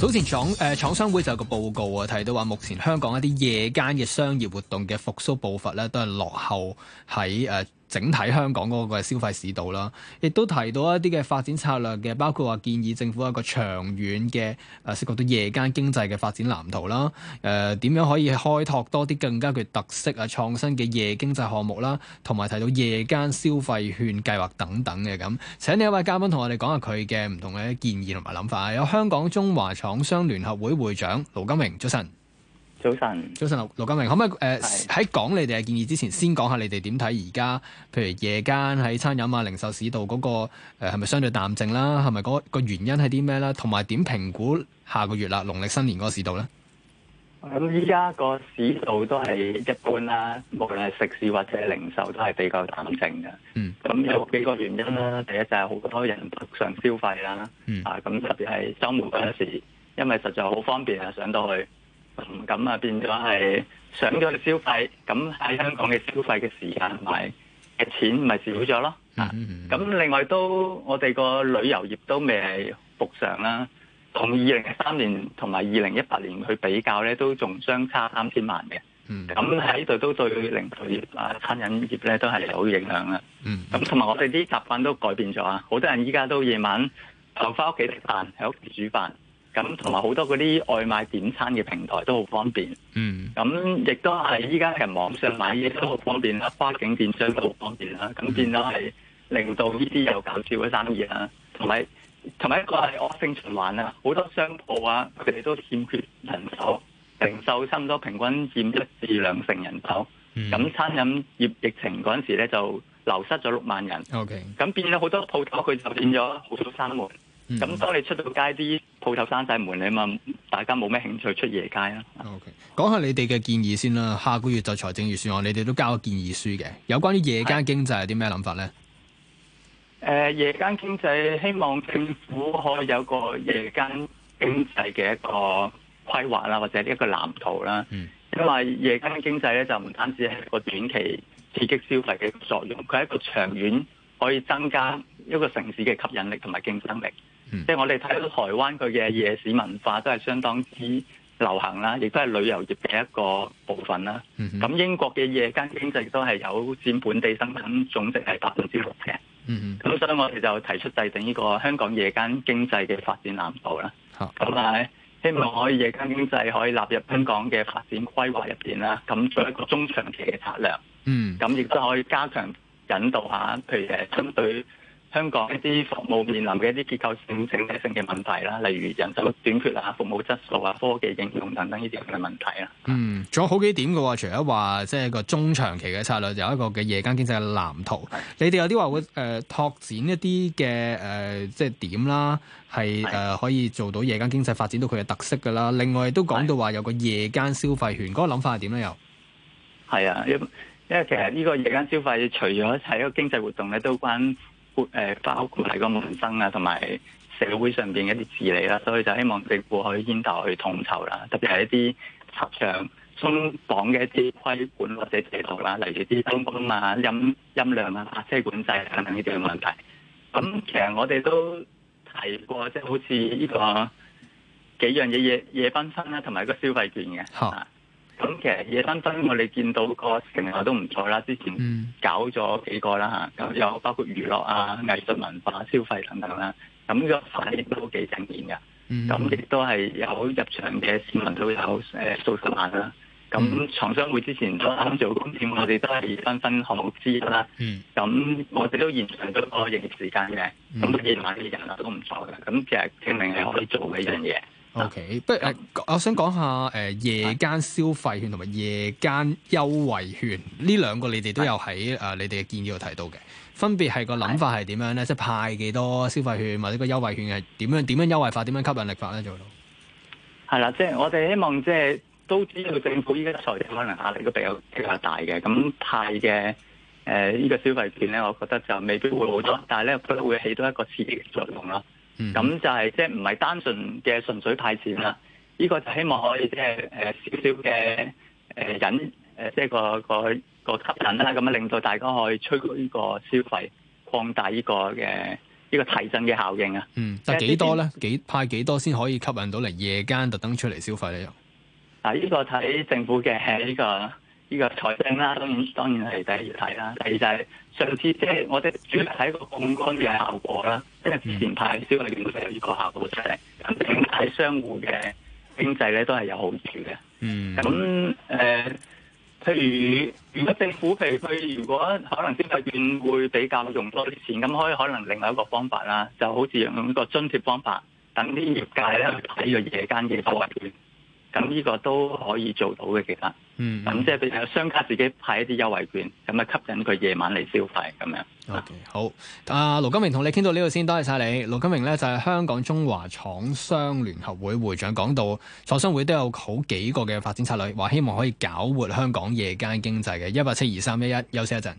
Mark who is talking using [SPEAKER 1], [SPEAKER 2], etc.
[SPEAKER 1] 早前廠誒廠商會就有個報告啊，提到話目前香港一啲夜間嘅商業活動嘅復甦步伐咧，都係落後喺誒，呃整體香港嗰個消費市道啦，亦都提到一啲嘅發展策略嘅，包括話建議政府一個長遠嘅誒涉及到夜間經濟嘅發展藍圖啦，誒、啊、點樣可以開拓多啲更加具特色啊創新嘅夜經濟項目啦，同、啊、埋提到夜間消費券計劃等等嘅咁、啊。請呢一位嘉賓同我哋講下佢嘅唔同嘅建議同埋諗法，有香港中華廠商聯合會會會長盧金榮，早晨。早晨，早晨，盧金榮，可唔可以？誒、呃，喺講是你哋嘅建議之前，先講下你哋點睇而家，譬如夜間喺餐飲啊、零售市道嗰、那個誒，係、呃、咪相對淡靜啦？係咪嗰個原因係啲咩啦？同埋點評估下個月啦，農曆新年嗰個市道咧？
[SPEAKER 2] 咁依家個市道都係一般啦，無論係食肆或者零售都係比較淡靜嘅。嗯，咁有幾個原因啦。第一就係好多人北上消費啦。嗯、啊，咁特別係周末嗰時，因為實在好方便啊，上到去。咁啊，嗯、變咗係上咗去消費，咁喺香港嘅消費嘅時間同埋嘅錢咪少咗咯。 啊，咁另外都我哋個旅遊業都未係復常啦，同二零一三年同埋二零一八年去比較咧，都仲相差三千萬嘅。
[SPEAKER 1] 咁喺
[SPEAKER 2] 度都對零售業啊、餐飲業咧都係有影響啦。咁同埋我哋啲習慣都改變咗啊，好多人依家都夜晚留翻屋企食飯，喺屋企煮飯。咁同埋好多嗰啲外賣點餐嘅平台都好方便，咁亦、嗯、都係依家喺網上買嘢都好方便啦，跨境電商都好方便啦，咁、嗯、變咗係令到呢啲又搞笑嘅生意啦，同埋同埋一個係惡性循環啦，好多商鋪啊，佢哋都欠缺人手，零售差唔多平均佔一至兩成人手，咁、嗯、餐飲業疫情嗰陣時咧就流失咗六萬人，咁 okay, 變咗好多鋪頭佢就變咗好多閂門，咁、嗯嗯、當你出到街啲。鋪頭閂曬門你啊嘛，大家冇咩興趣出夜街啦。OK，
[SPEAKER 1] 講下你哋嘅建議先啦。下個月就財政預算案，你哋都交咗建議書嘅。有關於夜間經濟有啲咩諗法咧？
[SPEAKER 2] 誒、呃，夜間經濟希望政府可以有個夜間經濟嘅一個規劃啦，或者一個藍圖啦。嗯、因為夜間經濟咧就唔單止係一個短期刺激消費嘅作用，佢係一個長遠可以增加一個城市嘅吸引力同埋競爭力。即係我哋睇到台灣佢嘅夜市文化都係相當之流行啦，亦都係旅遊業嘅一個部分啦。咁、mm hmm. 英國嘅夜間經濟都係有佔本地生產總值係百分之六嘅。咁、mm hmm. 所以我哋就提出制定呢個香港夜間經濟嘅發展藍圖啦。咁啊，希望可以夜間經濟可以納入香港嘅發展規劃入邊啦。咁做一個中長期嘅策略，咁亦都可以加強引導下，譬如誒針對。香港一啲服務面臨嘅一啲結構性、整體性嘅問題啦，例如人手短缺啊、服務質素啊、科技應用等等呢啲咁嘅問題啦。
[SPEAKER 1] 嗯，仲有好幾點嘅話，除咗話即係個中長期嘅策略，有一個嘅夜間經濟嘅藍圖。的你哋有啲話會誒、呃、拓展一啲嘅誒，即係點啦？係誒的可以做到夜間經濟發展到佢嘅特色嘅啦。另外都講到話有個夜間消費圈，嗰的個諗法係點咧？又
[SPEAKER 2] 係啊，因因為其實呢個夜間消費除咗一係一個經濟活動咧，都關。誒包括係個民生啊，同埋社會上邊一啲治理啦，所以就希望政府可以牽頭去統籌啦，特別係一啲拆牆鬆綁嘅一啲規管或者制度啦、啊，例如啲燈光啊、音音量啊、泊車管制等等呢啲嘅問題。咁其實我哋都提過，即、就、係、是、好似呢個幾樣嘢夜夜繽紛啦、啊，同埋個消費券嘅、啊。啊咁、嗯、其實夜繽紛我哋見到個成效都唔錯啦，之前搞咗幾個啦嚇，咁有包括娛樂啊、藝術文化、消費等等啦，咁個反應都幾正面嘅。咁亦都係有入場嘅市民都有誒、欸、數十萬啦。咁、嗯、廠、嗯、商會之前都啱做工展，我哋都係分分項目資啦。咁、嗯、我哋都延長咗個營業時間嘅，咁夜晚嘅人啊都唔錯嘅。咁其實證明係可以做嘅一樣嘢。
[SPEAKER 1] OK，不誒的、呃，我想講下誒、呃、夜間消費券同埋夜間優惠券呢兩個你的、呃，你哋都有喺誒你哋嘅建議度提到嘅。分別係個諗法係點樣咧？的即係派幾多消費券或者個優惠券係點樣點樣優惠法、點樣吸引力法咧做到？
[SPEAKER 2] 係啦，即係我哋希望即係都知道政府依家財政可能壓力都比較比較大嘅，咁派嘅誒依個消費券咧，我覺得就未必會好多，但係咧都會起到一個刺激嘅作用啦。咁、嗯、就係即係唔係單純嘅純粹派錢啦，呢、這個就希望可以、就是呃小小呃、即係誒少少嘅誒引誒即係個個個吸引啦，咁樣令到大家可以催谷呢個消費，擴大呢、這個嘅呢、這個提振嘅效應啊。
[SPEAKER 1] 嗯，但係些幾多咧？幾派幾多先可以吸引到嚟夜間特登出嚟消費咧？啊，呢、
[SPEAKER 2] 這個睇政府嘅呢、這個。呢個財政啦，當然當然係第一要睇啦。第二就係、是、上次即係我哋主要睇個槓桿嘅效果啦，即係前排消費券都有呢個效果出、就、嚟、是，咁整體商戶嘅經濟咧都係有好處嘅。嗯，咁誒、呃，譬如如果政府譬如佢如果可能消費券會比較用多啲錢，咁可以可能另外一個方法啦，就好似用一個津貼方法，等啲業界咧去睇個夜間嘅優惠券。咁呢個都可以做到嘅，其實，嗯，咁、嗯、即係譬如商家自己派一啲優惠券，咁啊吸引佢夜晚嚟消費咁樣。
[SPEAKER 1] OK，好，阿、啊、盧金明同你傾到呢度先，多謝晒你。盧金明呢，就係、是、香港中華廠商聯合會會長講到，廠商會都有好幾個嘅發展策略，話希望可以搞活香港夜間經濟嘅。一八七二三一一，休息一陣。